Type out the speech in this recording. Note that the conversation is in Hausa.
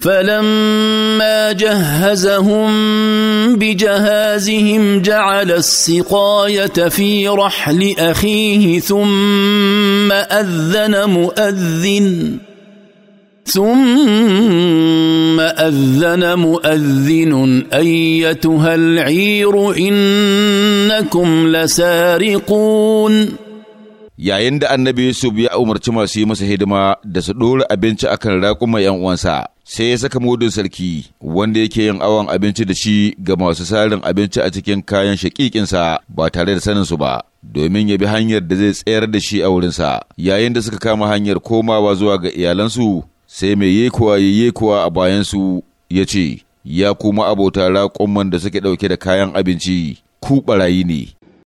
فلما جهزهم بجهازهم جعل السقايه في رحل اخيه ثم اذن مؤذن ثم اذن مؤذن ايتها العير انكم لسارقون yayin da annabi Yusuf ya umarci masu yi masa hidima da su ɗora abinci akan raƙuma 'yan uwansa sai ya saka mudun sarki wanda yake yin awon abinci da shi ga masu sarin abinci a cikin kayan shakikinsa ba tare da saninsu ba domin ya bi hanyar da zai tsayar da shi a wurinsa yayin da suka kama hanyar komawa zuwa ga iyalansu sai mai yekuwa ya yekuwa a bayansu ya ce ya kuma abota raƙumman da suke ɗauke da kayan abinci ku ɓarayi ne